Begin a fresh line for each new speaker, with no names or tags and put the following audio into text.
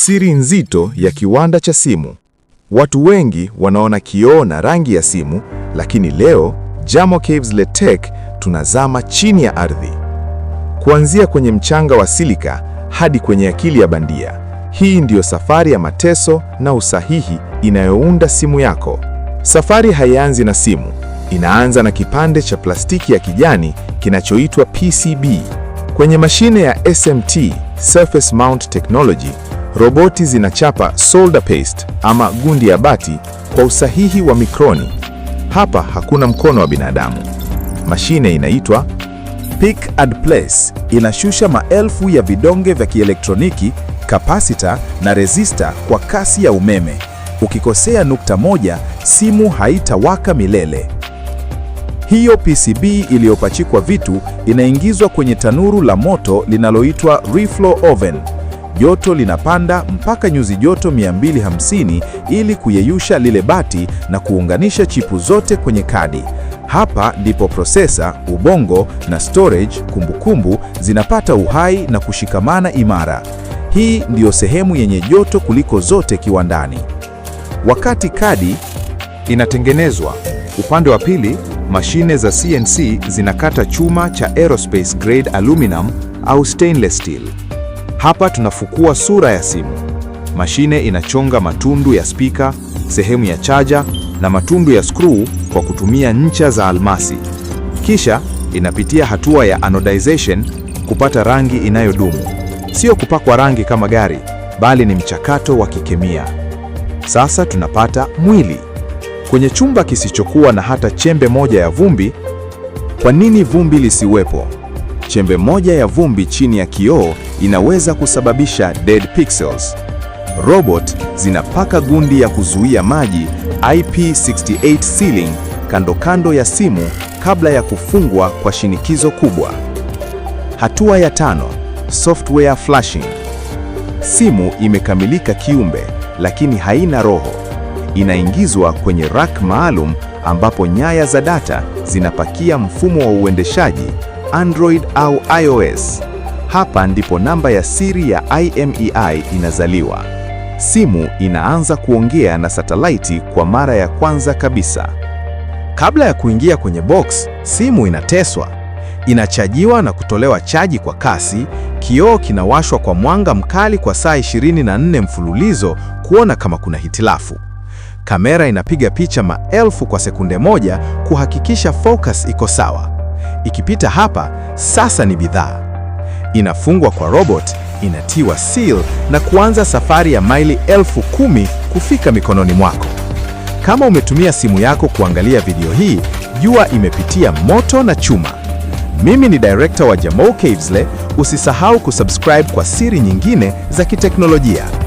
Siri nzito ya kiwanda cha simu. Watu wengi wanaona kioo na rangi ya simu, lakini leo Jamo Caves LETEC tunazama chini ya ardhi, kuanzia kwenye mchanga wa silika hadi kwenye akili ya bandia. Hii ndiyo safari ya mateso na usahihi inayounda simu yako. Safari haianzi na simu, inaanza na kipande cha plastiki ya kijani kinachoitwa PCB. Kwenye mashine ya SMT, Surface Mount Technology roboti zinachapa solder paste ama gundi ya bati kwa usahihi wa mikroni. Hapa hakuna mkono wa binadamu. Mashine inaitwa Pick and Place, inashusha maelfu ya vidonge vya kielektroniki, kapasita na resista kwa kasi ya umeme. Ukikosea nukta moja, simu haitawaka milele. Hiyo PCB iliyopachikwa vitu inaingizwa kwenye tanuru la moto linaloitwa reflow oven joto linapanda mpaka nyuzi joto 250 ili kuyeyusha lile bati na kuunganisha chipu zote kwenye kadi. Hapa ndipo prosesa, ubongo na storage, kumbukumbu, zinapata uhai na kushikamana imara. Hii ndiyo sehemu yenye joto kuliko zote kiwandani. Wakati kadi inatengenezwa, upande wa pili, mashine za CNC zinakata chuma cha aerospace grade aluminum au stainless steel. Hapa tunafukua sura ya simu. Mashine inachonga matundu ya spika, sehemu ya chaja na matundu ya screw kwa kutumia ncha za almasi. Kisha inapitia hatua ya anodization kupata rangi inayodumu. Sio kupakwa rangi kama gari, bali ni mchakato wa kikemia. Sasa tunapata mwili. Kwenye chumba kisichokuwa na hata chembe moja ya vumbi, kwa nini vumbi lisiwepo? chembe moja ya vumbi chini ya kioo inaweza kusababisha dead pixels. Robot zinapaka gundi ya kuzuia maji IP68 sealing kando kando ya simu kabla ya kufungwa kwa shinikizo kubwa. Hatua ya tano, software flashing. Simu imekamilika kiumbe lakini haina roho. Inaingizwa kwenye rack maalum ambapo nyaya za data zinapakia mfumo wa uendeshaji Android au iOS. Hapa ndipo namba ya siri ya IMEI e inazaliwa. Simu inaanza kuongea na satelaiti kwa mara ya kwanza kabisa. Kabla ya kuingia kwenye box, simu inateswa. Inachajiwa na kutolewa chaji kwa kasi, kioo kinawashwa kwa mwanga mkali kwa saa 24 mfululizo kuona kama kuna hitilafu. Kamera inapiga picha maelfu kwa sekunde moja kuhakikisha focus iko sawa. Ikipita hapa sasa ni bidhaa. Inafungwa kwa robot, inatiwa seal na kuanza safari ya maili elfu kumi kufika mikononi mwako. Kama umetumia simu yako kuangalia video hii, jua imepitia moto na chuma. Mimi ni director wa jamo Cavesle. Usisahau kusubscribe kwa siri nyingine za kiteknolojia.